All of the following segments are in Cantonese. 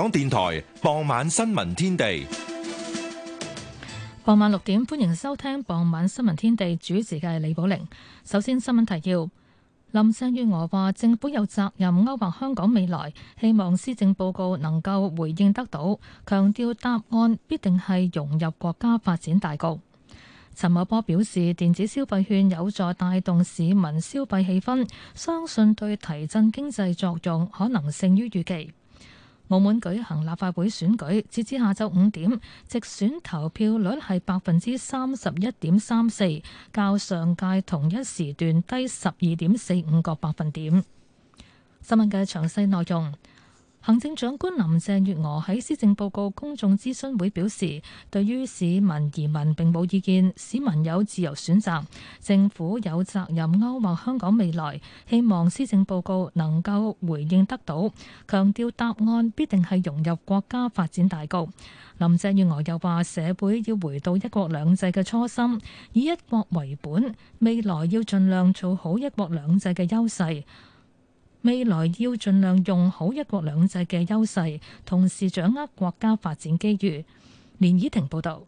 港電台傍晚新聞天地。傍晚六點，歡迎收聽傍晚新聞天地，主持嘅係李寶玲。首先，新聞提要：林鄭月娥話，政府有責任勾劃香港未來，希望施政報告能夠回應得到，強調答案必定係融入國家發展大局。陳茂波表示，電子消費券有助帶動市民消費氣氛，相信對提振經濟作用可能勝於預期。澳門舉行立法會選舉，截至下晝五點，直選投票率係百分之三十一點三四，較上屆同一時段低十二點四五個百分點。新聞嘅詳細內容。行政長官林鄭月娥喺施政報告公眾諮詢會表示，對於市民移民並冇意見，市民有自由選擇，政府有責任勾畫香港未來。希望施政報告能夠回應得到，強調答案必定係融入國家發展大局。林鄭月娥又話：社會要回到一國兩制嘅初心，以一國為本，未來要盡量做好一國兩制嘅優勢。未來要盡量用好一國兩制嘅優勢，同時掌握國家發展機遇。連以婷報導。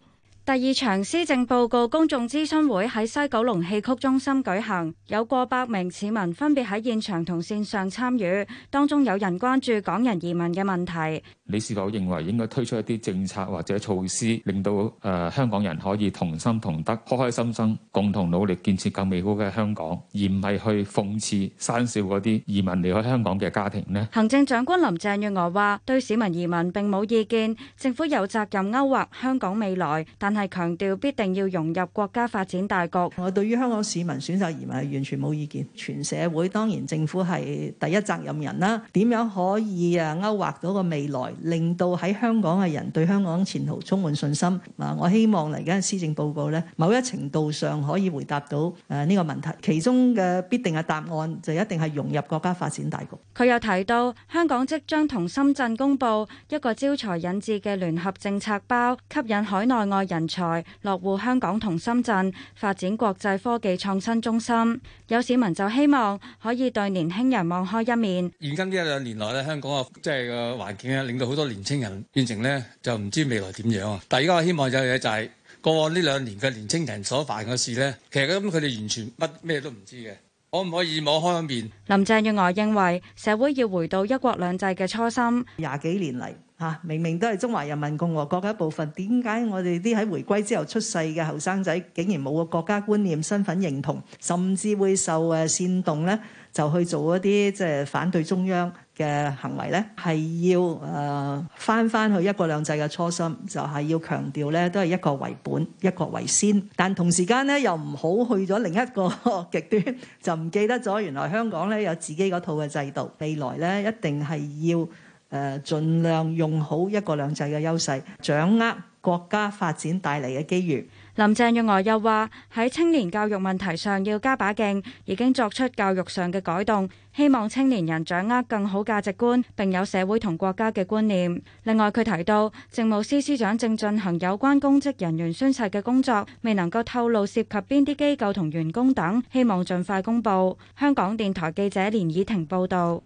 第二場施政報告公眾諮詢會喺西九龍戲曲中心舉行，有過百名市民分別喺現場同綫上參與，當中有人關注港人移民嘅問題。你是否認為應該推出一啲政策或者措施，令到誒、呃、香港人可以同心同德、開開心心，共同努力建設更美好嘅香港，而唔係去諷刺、訕笑嗰啲移民離開香港嘅家庭呢？行政長官林鄭月娥話，對市民移民並冇意見，政府有責任勾畫香港未來，但係強調必定要融入國家發展大局。我對於香港市民選擇移民係完全冇意見。全社會當然政府係第一責任人啦。點樣可以啊勾畫到個未來，令到喺香港嘅人對香港前途充滿信心？啊，我希望嚟緊施政報告呢，某一程度上可以回答到誒呢個問題。其中嘅必定嘅答案就一定係融入國家發展大局。佢又提到，香港即將同深圳公布一個招才引智嘅聯合政策包，吸引海內外人。人才落戶香港同深圳，發展國際科技創新中心。有市民就希望可以對年輕人網開一面。現今呢一兩年來咧，香港嘅即係個環境咧，令到好多年輕人變成咧就唔知未來點樣啊！但係而家我希望有嘢就係過往呢兩年嘅年輕人所犯嘅事咧，其實咁佢哋完全乜咩都唔知嘅，可唔可以網開一面？林鄭月娥認為社會要回到一國兩制嘅初心。廿幾年嚟。嚇！明明都係中華人民共和國嘅一部分，點解我哋啲喺回歸之後出世嘅後生仔，竟然冇個國家觀念、身份認同，甚至會受誒煽動咧，就去做一啲即係反對中央嘅行為咧？係要誒返返去一國兩制嘅初心，就係要強調咧，都係一國為本、一國為先。但同時間咧，又唔好去咗另一個 極端，就唔記得咗原來香港咧有自己嗰套嘅制度。未來咧一定係要。誒，盡量用好一國兩制嘅優勢，掌握國家發展帶嚟嘅機遇。林鄭月娥又話：喺青年教育問題上要加把勁，已經作出教育上嘅改動，希望青年人掌握更好價值觀，並有社會同國家嘅觀念。另外，佢提到政務司司長正進行有關公職人員宣誓嘅工作，未能夠透露涉及邊啲機構同員工等，希望盡快公佈。香港電台記者連以婷報道。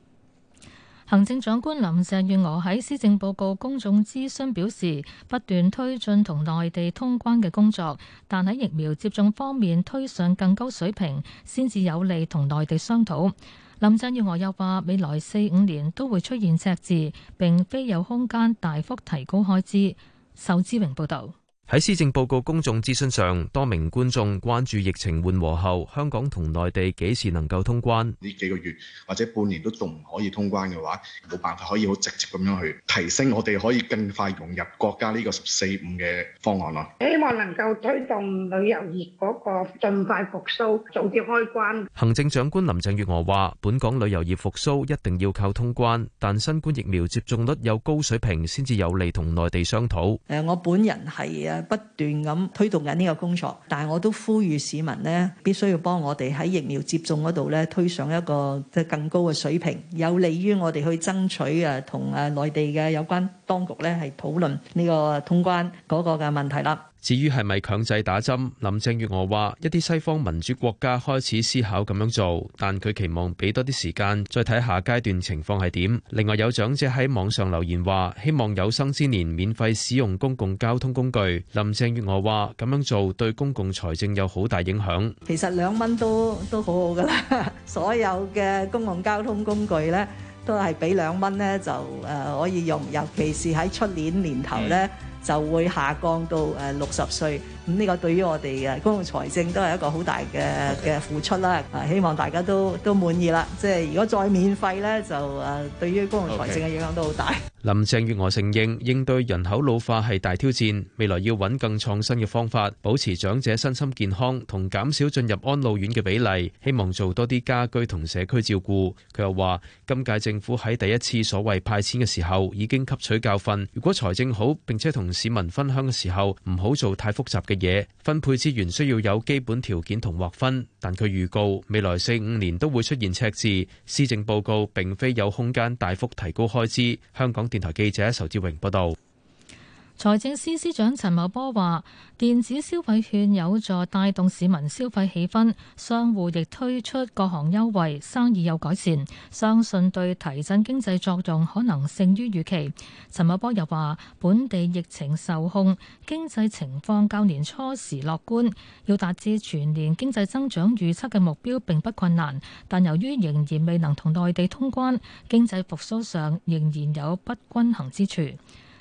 行政長官林鄭月娥喺施政報告公眾諮詢表示，不斷推進同內地通關嘅工作，但喺疫苗接種方面推上更高水平，先至有利同內地商討。林鄭月娥又話，未來四五年都會出現赤字，並非有空間大幅提高開支。仇志榮報道。喺施政報告公眾諮詢上，多名觀眾關注疫情緩和後，香港同內地幾時能夠通關？呢幾個月或者半年都仲唔可以通關嘅話，冇辦法可以好直接咁樣去提升我哋可以更快融入國家呢個十四五嘅方案咯。希望能夠推動旅遊業嗰個盡快復甦，早啲開關。行政長官林鄭月娥話，本港旅遊業復甦一定要靠通關，但新冠疫苗接種率有高水平先至有利同內地商討。誒，我本人係啊。不斷咁推動緊呢個工作，但係我都呼籲市民咧，必須要幫我哋喺疫苗接種嗰度咧，推上一個即係更高嘅水平，有利於我哋去爭取啊。同啊內地嘅有關當局咧，係討論呢個通關嗰個嘅問題啦。至於係咪強制打針？林鄭月娥話：一啲西方民主國家開始思考咁樣做，但佢期望俾多啲時間，再睇下階段情況係點。另外有長者喺網上留言話：希望有生之年免費使用公共交通工具。林鄭月娥話：咁樣做對公共財政有好大影響。其實兩蚊都都好好㗎喇， 所有嘅公共交通工具咧都係俾兩蚊咧就誒可以用，尤其是喺出年年頭咧。就會下降到誒六十歲，咁呢個對於我哋嘅公共財政都係一個好大嘅嘅付出啦。希望大家都都滿意啦。即係如果再免費咧，就誒對於公共財政嘅影響都好大。Okay. 林鄭月娥承認應對人口老化係大挑戰，未來要揾更創新嘅方法，保持長者身心健康同減少進入安老院嘅比例。希望做多啲家居同社區照顧。佢又話：今屆政府喺第一次所謂派錢嘅時候已經吸取教訓，如果財政好並且同市民分享嘅時候，唔好做太複雜嘅嘢。分配資源需要有基本條件同劃分，但佢預告未來四五年都會出現赤字。施政報告並非有空間大幅提高開支。香港電台記者仇志榮報道。財政司司長陳茂波話：電子消費券有助帶動市民消費氣氛，商戶亦推出各項優惠，生意有改善，相信對提振經濟作用可能勝於預期。陳茂波又話：本地疫情受控，經濟情況較年初時樂觀，要達至全年經濟增長預測嘅目標並不困難，但由於仍然未能同內地通關，經濟復甦上仍然有不均衡之處。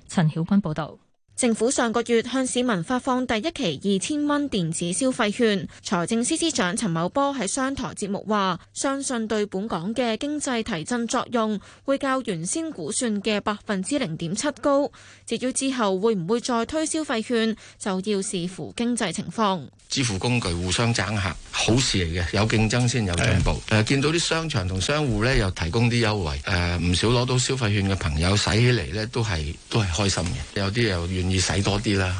陳曉君報導。政府上個月向市民發放第一期二千蚊電子消費券，財政司司長陳茂波喺商台節目話：相信對本港嘅經濟提振作用會較原先估算嘅百分之零點七高。至於之後會唔會再推消費券，就要視乎經濟情況。支付工具互相爭客，好事嚟嘅，有競爭先有進步。誒的、呃，見到啲商場同商戶呢，又提供啲優惠，誒、呃，唔少攞到消費券嘅朋友使起嚟呢都係都係開心嘅，有啲又願意使多啲啦，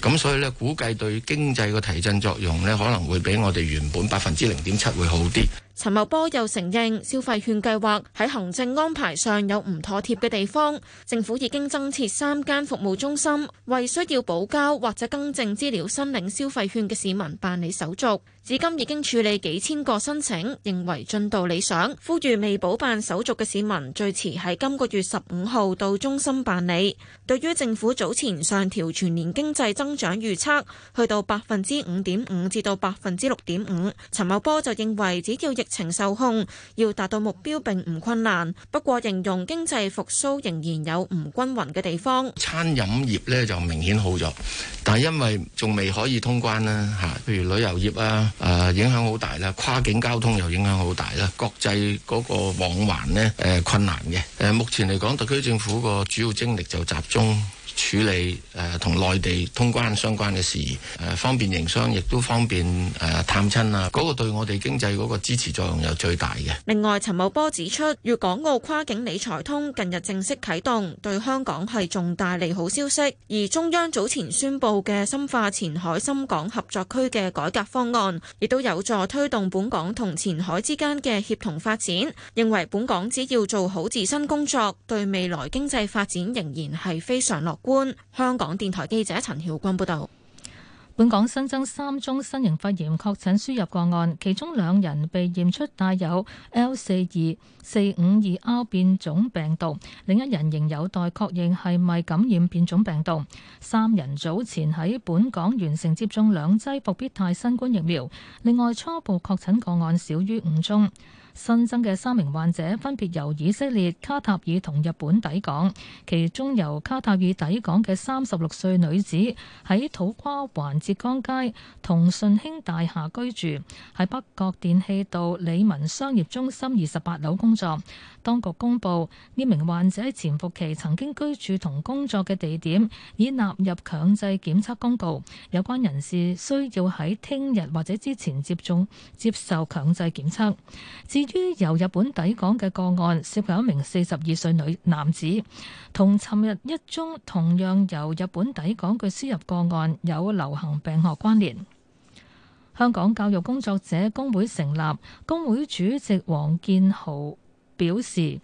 咁所以咧，估計對經濟嘅提振作用咧，可能會比我哋原本百分之零點七會好啲。 陳茂波又承認消費券計劃喺行政安排上有唔妥貼嘅地方，政府已經增設三間服務中心，為需要補交或者更正資料申領消費券嘅市民辦理手續。至今已經處理幾千個申請，認為進度理想，呼籲未補辦手續嘅市民最遲喺今個月十五號到中心辦理。對於政府早前上調全年經濟增長預測，去到百分之五點五至到百分之六點五，陳茂波就認為只要疫疫情受控，要達到目標並唔困難。不過形容經濟復甦仍然有唔均勻嘅地方。餐飲業呢就明顯好咗，但係因為仲未可以通關啦吓，譬如旅遊業啊，誒影響好大啦。跨境交通又影響好大啦，國際嗰個往還呢誒困難嘅。誒，目前嚟講，特區政府個主要精力就集中。處理誒同內地通關相關嘅事宜，誒方便營商，亦都方便誒探親啊，嗰個對我哋經濟嗰個支持作用又最大嘅。另外，陳茂波指出，粵港澳跨境理財通近日正式啟動，對香港係重大利好消息。而中央早前宣布嘅深化前海深港合作區嘅改革方案，亦都有助推動本港同前海之間嘅協同發展。認為本港只要做好自身工作，對未來經濟發展仍然係非常樂。官香港電台記者陳曉君報道，本港新增三宗新型肺炎確診輸入個案，其中兩人被驗出帶有 L 四二四五二 R 變種病毒，另一人仍有待確認係咪感染變種病毒。三人早前喺本港完成接種兩劑復必泰新冠疫苗。另外，初步確診個案少於五宗。新增嘅三名患者分別由以色列、卡塔爾同日本抵港，其中由卡塔爾抵港嘅三十六歲女子喺土瓜灣浙江街同順興大廈居住，喺北角電器道李文商業中心二十八樓工作。當局公布，呢名患者潛伏期曾經居住同工作嘅地點已納入強制檢測公告，有關人士需要喺聽日或者之前接種接受強制檢測。至於由日本抵港嘅個案，涉及一名四十二歲女男子，同尋日一宗同樣由日本抵港嘅輸入個案有流行病學關聯。香港教育工作者工會成立，工會主席黃建豪表示，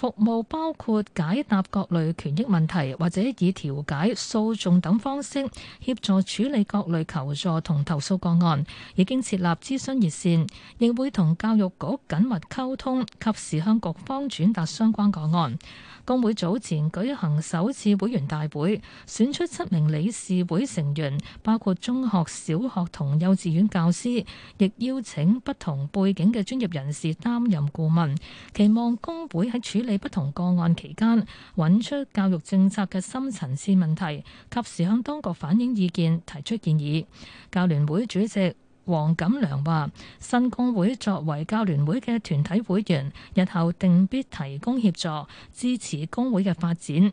服務包括解答各類權益問題，或者以調解、訴訟等方式協助處理各類求助同投訴個案。已經設立諮詢熱線，亦會同教育局緊密溝通，及時向各方轉達相關個案。工會早前舉行首次會員大會，選出七名理事會成員，包括中學、小學同幼稚園教師，亦邀請不同背景嘅專業人士擔任顧問，期望工會喺處理，喺不同個案期間，揾出教育政策嘅深層次問題，及時向當局反映意見，提出建議。教聯會主席黃錦良話：新工會作為教聯會嘅團體會員，日後定必提供協助，支持工會嘅發展。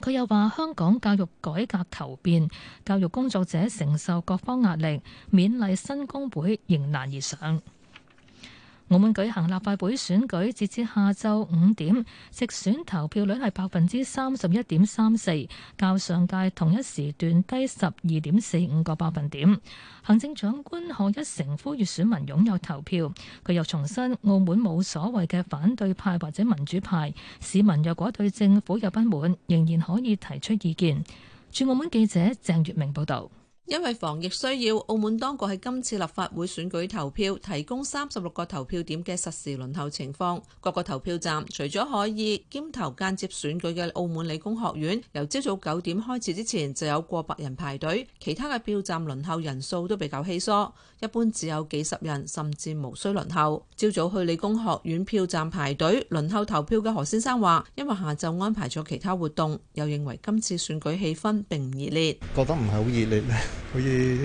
佢又話：香港教育改革求變，教育工作者承受各方壓力，勉勵新工會迎難而上。澳門舉行立法會選舉，截至下晝五點，直選投票率係百分之三十一點三四，較上屆同一時段低十二點四五個百分點。行政長官賀一誠呼籲選民踴躍投票，佢又重申澳門冇所謂嘅反對派或者民主派，市民若果對政府有不滿，仍然可以提出意見。駐澳門記者鄭月明報道。因為防疫需要，澳門當局喺今次立法會選舉投票提供三十六個投票點嘅實時輪候情況。各個投票站除咗可以兼投間接選舉嘅澳門理工學院，由朝早九點開始之前就有過百人排隊；其他嘅票站輪候人數都比較稀疏，一般只有幾十人，甚至無需輪候。朝早去理工學院票站排隊輪候投票嘅何先生話：因為下晝安排咗其他活動，又認為今次選舉氣氛並唔熱烈，覺得唔係好熱烈咩？好似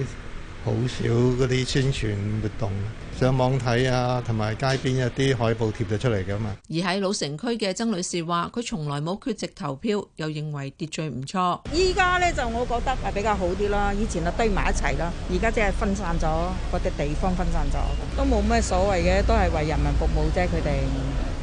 好少嗰啲宣傳活動，上網睇啊，同埋街邊一啲海報貼咗出嚟嘅嘛。而喺老城區嘅曾女士話，佢從來冇缺席投票，又認為秩序唔錯。依家呢，就我覺得係比較好啲啦，以前啊堆埋一齊啦，而家即係分散咗，嗰啲地方分散咗，都冇咩所謂嘅，都係為人民服務啫，佢哋。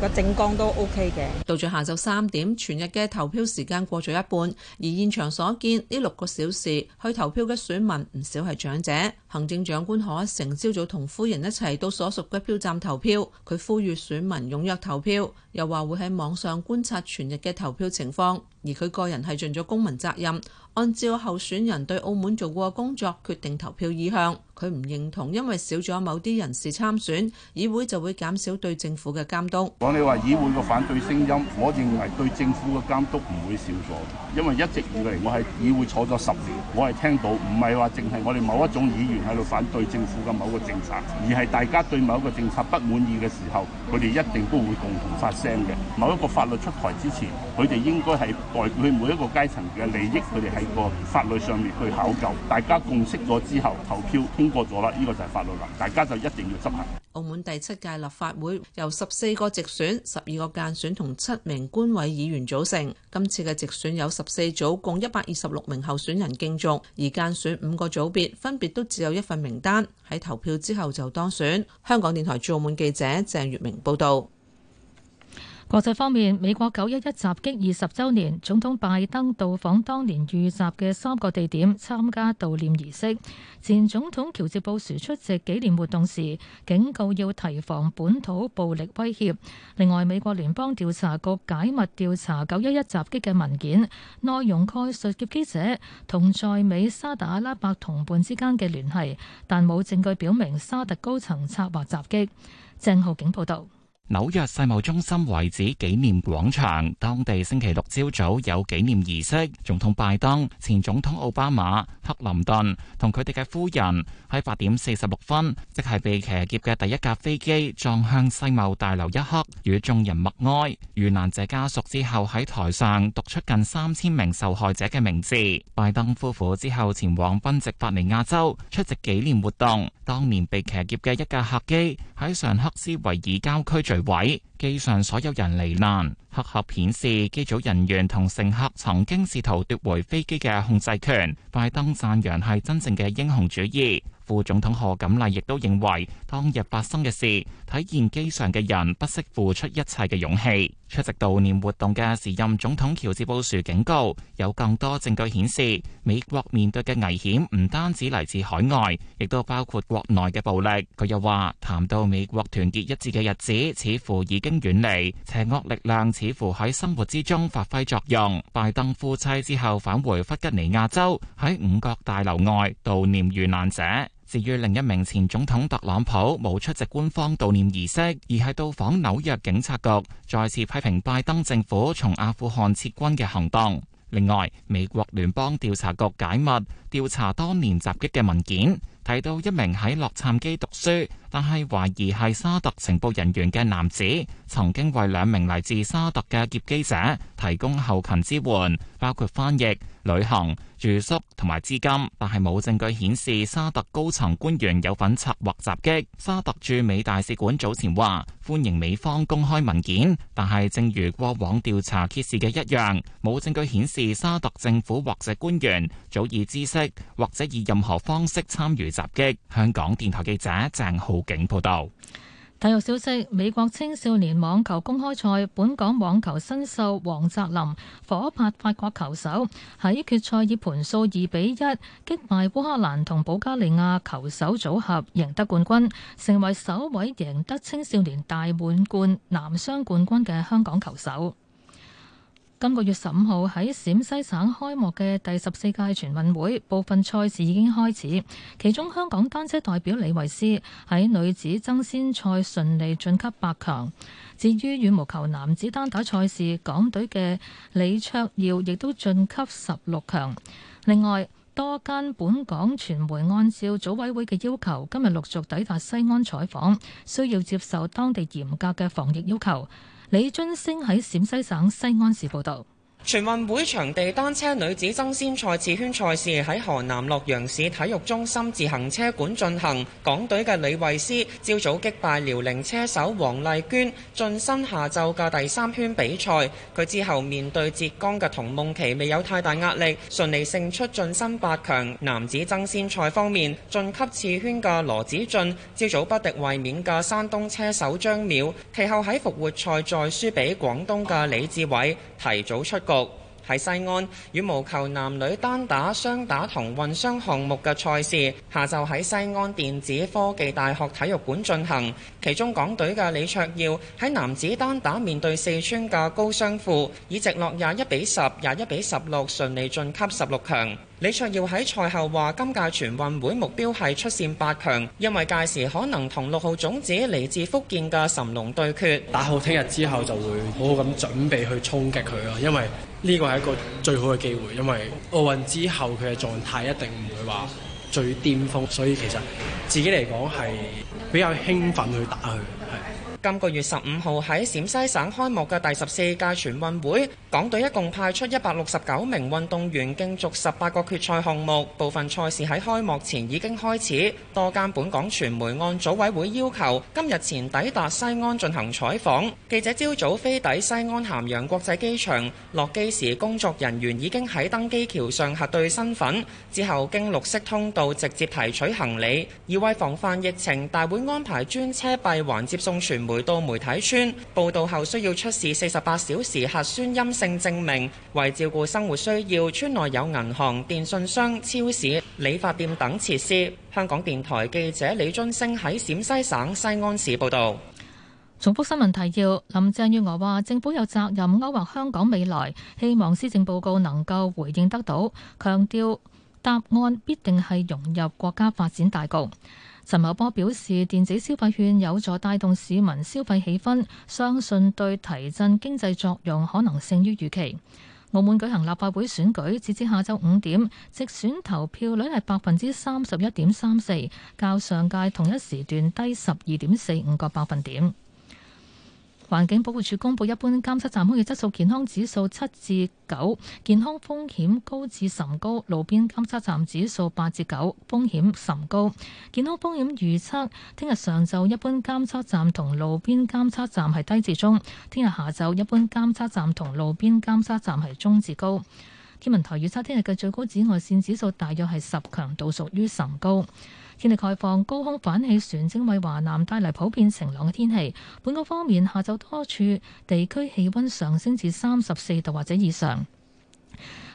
個整光都 O K 嘅。到咗下晝三點，全日嘅投票時間過咗一半，而現場所見，呢六個小時去投票嘅選民唔少係長者。行政長官賀一誠朝早同夫人一齊到所屬嘅票站投票，佢呼籲選民踊躍投票，又話會喺網上觀察全日嘅投票情況，而佢個人係盡咗公民責任。按照候選人對澳門做過工作決定投票意向，佢唔認同，因為少咗某啲人士參選議會就會減少對政府嘅監督。講你話議會個反對聲音，我認為對政府嘅監督唔會少咗，因為一直以嚟我係議會坐咗十年，我係聽到唔係話淨係我哋某一種議員喺度反對政府嘅某個政策，而係大家對某個政策不滿意嘅時候，佢哋一定都會共同發聲嘅。某一個法律出台之前，佢哋應該係代表每一個階層嘅利益，佢哋係。個法律上面去考究，大家共識咗之後投票通過咗啦。呢個就係法律啦，大家就一定要執行。澳門第七屆立法會由十四個直選、十二個間選同七名官委議員組成。今次嘅直選有十四組，共一百二十六名候選人競逐，而間選五個組別分別都只有一份名單，喺投票之後就當選。香港電台駐澳門記者鄭月明報導。國際方面，美國九一一襲擊二十周年，總統拜登到訪當年遇襲嘅三個地點參加悼念儀式。前總統喬治布殊出席紀念活動時，警告要提防本土暴力威脅。另外，美國聯邦調查局解密調查九一一襲擊嘅文件，內容概述劫機者同在美沙特阿拉伯同伴之間嘅聯繫，但冇證據表明沙特高層策劃襲擊。鄭浩景報道。紐約世貿中心遺址紀念廣場，當地星期六朝早有紀念儀式。總統拜登、前總統奧巴馬、克林頓同佢哋嘅夫人喺八點四十六分，即係被騎劫嘅第一架飛機撞向世貿大樓一刻，與眾人默哀。遇難者家屬之後喺台上讀出近三千名受害者嘅名字。拜登夫婦之後前往賓夕法尼亞州出席紀念活動。當年被騎劫嘅一架客機喺尚克斯維爾郊區墜。墜毀，機上所有人罹難。黑客顯示，機組人員同乘客曾經試圖奪回飛機嘅控制權。拜登讚揚係真正嘅英雄主義。副總統賀錦麗亦都認為當日發生嘅事，體現機上嘅人不惜付出一切嘅勇氣。出席悼念活動嘅時任總統喬治布殊警告，有更多證據顯示美國面對嘅危險唔單止嚟自海外，亦都包括國內嘅暴力。佢又話，談到美國團結一致嘅日子似乎已經遠離，邪惡力量似乎喺生活之中發揮作用。拜登夫妻之後返回弗吉尼亞州，喺五角大樓外悼念遇難者。至於另一名前總統特朗普，冇出席官方悼念儀式，而係到訪紐約警察局，再次批評拜登政府從阿富汗撤軍嘅行動。另外，美國聯邦調查局解密調查當年襲擊嘅文件。提到一名喺洛杉磯讀書，但係懷疑係沙特情報人員嘅男子，曾經為兩名嚟自沙特嘅劫機者提供後勤支援，包括翻譯、旅行、住宿同埋資金。但係冇證據顯示沙特高層官員有份策劃襲擊。沙特駐美大使館早前話歡迎美方公開文件，但係正如過往調查揭示嘅一樣，冇證據顯示沙特政府或者官員早已知悉或者以任何方式參與。襲擊。香港電台記者鄭浩景報道。體育消息：美國青少年網球公開賽，本港網球新秀黃澤林夥拍法國球手，喺決賽以盤數二比一擊敗烏克蘭同保加利亞球手組合，贏得冠軍，成為首位贏得青少年大滿貫男雙冠軍嘅香港球手。今個月十五號喺陝西省開幕嘅第十四屆全運會，部分賽事已經開始。其中香港單車代表李維斯喺女子爭先賽順利晉級八強。至於羽毛球男子單打賽事，港隊嘅李卓耀亦都晉級十六強。另外，多間本港傳媒按照組委會嘅要求，今日陸續抵達西安採訪，需要接受當地嚴格嘅防疫要求。李津星喺陝西省西安市報道。全運會場地單車女子爭先賽次圈賽事喺河南洛陽市體育中心自行車館進行，港隊嘅李慧詩朝早擊敗遼寧車手王麗娟，晉身下晝嘅第三圈比賽，佢之後面對浙江嘅童夢琪，未有太大壓力，順利勝出晉身八強。男子爭先賽方面，晉級次圈嘅羅子俊朝早不敵衛冕嘅山東車手張淼，其後喺復活賽再輸俾廣東嘅李志偉，提早出局。喺西安，羽毛球男女單打、雙打同混雙項目嘅賽事，下晝喺西安電子科技大學體育館進行。其中港隊嘅李卓耀喺男子單打面對四川嘅高雙富，以直落廿一比十、廿一比十六，順利晉級十六強。李卓耀喺賽後話：今屆全運會目標係出線八強，因為屆時可能同六號種子嚟自福建嘅諶龍對決，打好聽日之後就會好好咁準備去衝擊佢咯。因為呢個係一個最好嘅機會，因為奧運之後佢嘅狀態一定唔會話最巔峰，所以其實自己嚟講係比較興奮去打佢。今個月十五號喺陝西省開幕嘅第十四屆全運會，港隊一共派出一百六十九名運動員競逐十八個決賽項目。部分賽事喺開幕前已經開始。多間本港傳媒按組委會要求，今日前抵達西安進行採訪。記者朝早飛抵西安咸陽國際機場，落機時工作人員已經喺登機橋上核對身份，之後經綠色通道直接提取行李。而為防範疫情，大會安排專車閉環接送傳媒。回到媒體村報道後，需要出示四十八小時核酸陰性證明。為照顧生活需要，村內有銀行、電信商、超市、理髮店等設施。香港電台記者李津升喺陝西省西安市報道。重複新聞提要，林鄭月娥話：政府有責任勾畫香港未來，希望施政報告能夠回應得到，強調答案必定係融入國家發展大局。陳茂波表示，電子消費券有助帶動市民消費氣氛，相信對提振經濟作用可能勝於預期。澳門舉行立法會選舉，截至下晝五點，直選投票率係百分之三十一點三四，較上屆同一時段低十二點四五個百分點。環境保護署公布一般監測站空氣質素健康指數七至九，健康風險高至甚高；路邊監測站指數八至九，風險甚高。健康風險預測：聽日上晝一般監測站同路邊監測站係低至中；聽日下晝一般監測站同路邊監測站係中至高。天文台預測聽日嘅最高紫外線指數大約係十，強度屬於甚高。天氣概況，高空反氣旋正為華南帶嚟普遍晴朗嘅天氣。本港方面，下晝多處地區氣温上升至三十四度或者以上。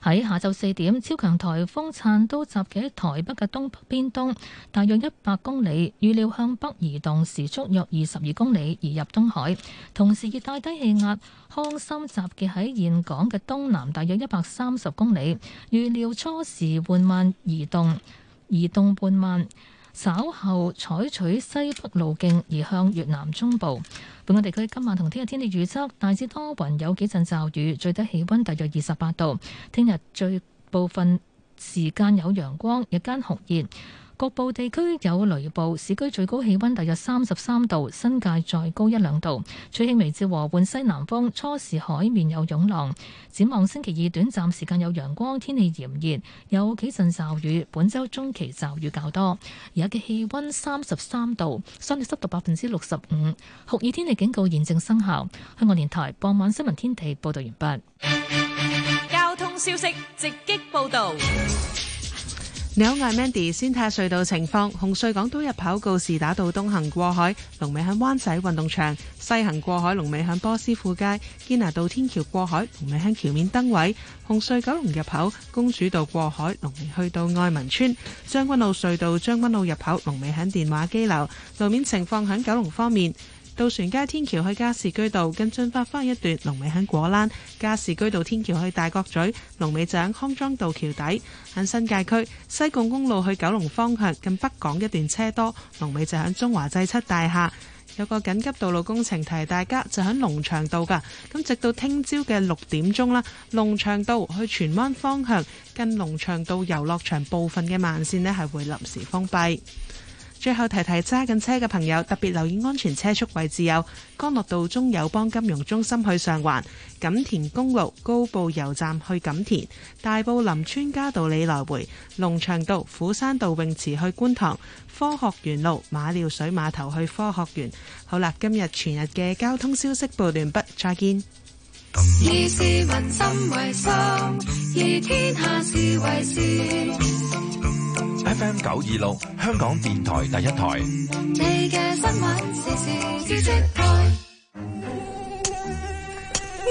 喺下晝四點，超強颱風燦都集結喺台北嘅東北偏東，大約一百公里，預料向北移動，時速約二十二公里，移入東海。同時，熱帶低氣壓康森集結喺現港嘅東南，大約一百三十公里，預料初時緩慢移動，移動緩慢，稍後採取西北路徑，移向越南中部。本港地區今晚同聽日天氣預測，大致多雲，有幾陣驟雨，最低氣温大約二十八度。聽日最部分時間有陽光，日間酷熱。局部地區有雷暴，市區最高氣温大約三十三度，新界再高一兩度。吹輕微至和緩西南風，初時海面有湧浪。展望星期二短暫時間有陽光，天氣炎熱，有幾陣驟雨，本週中期驟雨較多。而家嘅氣温三十三度，相對濕度百分之六十五，酷熱天氣警告現正生效。香港電台傍晚新聞天地報道完畢。交通消息直擊報導。你好，我係 Mandy 先睇下隧道情況，紅隧港島入口告士打道東行過海，龍尾喺灣仔運動場；西行過海龍尾喺波斯富街堅拿道天橋過海，龍尾喺橋面燈位。紅隧九龍入口公主道過海，龍尾去到愛民村。將軍澳隧道將軍澳入口龍尾喺電話機樓。路面情況喺九龍方面。渡船街天橋去加士居道，跟進發翻一段；龍尾喺果欄。加士居道天橋去大角咀，龍尾就喺康莊道橋底，喺新界區。西貢公路去九龍方向，近北港一段車多，龍尾就喺中華製漆大廈。有個緊急道路工程，提大家就喺龍翔道㗎。咁直到聽朝嘅六點鐘啦，龍翔道去荃灣方向，近龍翔道遊樂場部分嘅慢線呢係會臨時封閉。最後提提揸緊車嘅朋友，特別留意安全車速位置有：干諾道中友邦金融中心去上環、錦田公路高埗油站去錦田、大埔林村嘉道理來回、龍翔道斧山道泳池去觀塘、科學園路馬料水碼頭去科學園。好啦，今日全日嘅交通消息報道完畢，再見。以市民心為心，以天下事為事。FM 九二六，26，香港電台第一台。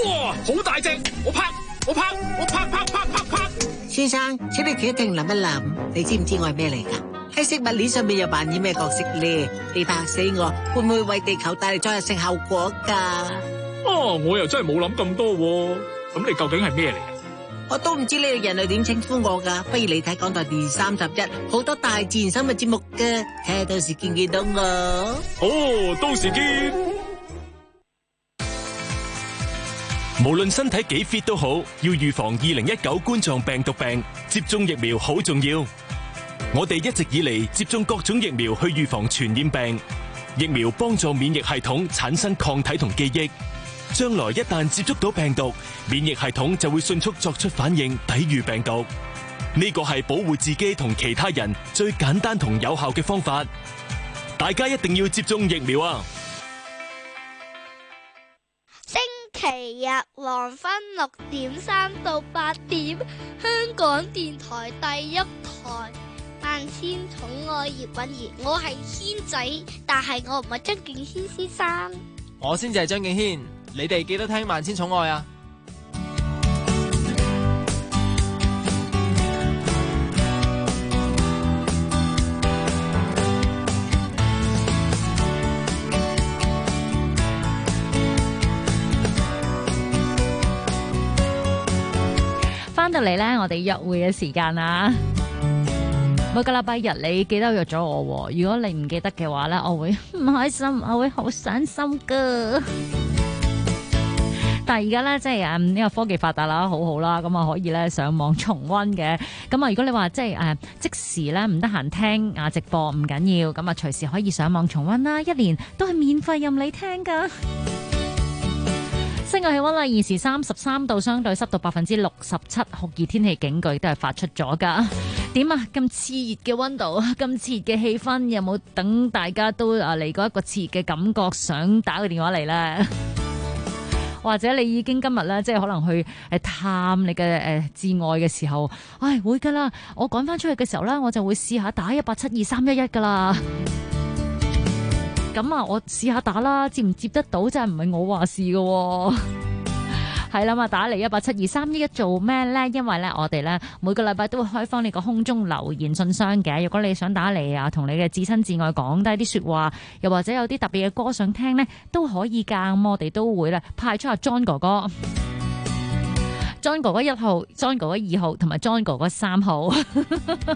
哇，好大隻！我拍，我拍，我拍拍拍拍拍。先生，請你決定諗一諗，你知唔知我係咩嚟噶？喺食物鏈上面又扮演咩角色咧？你拍死我，會唔會為地球帶嚟災難性後果噶？啊、哦！我又真係冇諗咁多，咁你究竟係咩嚟？我都唔知呢個人類點稱呼我噶，不如你睇港台第三十一，好多大自然生物節目噶，睇下，到時見唔見到我。哦，到時見。無論身體幾 fit 都好，要預防二零一九冠狀病毒病，接種疫苗好重要。我哋一直以嚟接種各種疫苗去預防傳染病，疫苗幫助免疫系統產生抗體同記憶。將來一旦接觸到病毒，免疫系統就會迅速作出反應，抵御病毒。呢個係保護自己同其他人最簡單同有效嘅方法，大家一定要接種疫苗啊。星期日黃昏六點三到八點，香港電台第一台，萬千寵愛葉敏儀。我係軒仔，但係我唔係張敬軒先生，我先至係張敬軒。你哋記得聽萬千寵愛啊！翻到嚟咧，我哋約會嘅時間啊，每個禮拜日你記得約咗我。如果你唔記得嘅話咧，我會唔開心，我會好傷心噶。第二嘅咧，即係誒呢個科技發達啦，好好啦，咁啊可以咧上網重溫嘅。咁啊，如果你話即係誒即，即，即時咧唔得閒聽啊直播唔緊要，咁啊隨時可以上網重溫啦，一年都係免費任你聽噶。室外氣溫啦，二 時三十三度，相對濕度百分之六十七，酷熱天氣警告都係發出咗噶。點啊，咁熾熱嘅溫度，咁熾熱嘅氣氛，有冇等大家都啊嚟過一個熾熱嘅感覺，想打個電話嚟咧？或者你已經今日咧，即係可能去誒探你嘅誒至愛嘅時候，唉會噶啦，我趕翻出去嘅時候咧，我就會試下打一八七二三一一噶啦。咁 啊，我試下打啦，接唔接得到真係唔係我話事噶。 係啦嘛，打嚟一八七二三一一做咩咧？因為咧，我哋咧每個禮拜都會開放你個空中留言信箱嘅。如果你想打嚟啊，同你嘅至親至愛講低啲說話，又或者有啲特別嘅歌想聽咧，都可以噶。我哋都會咧派出阿 John 哥哥、John 哥哥一號、John 哥哥二號同埋 John 哥哥三號。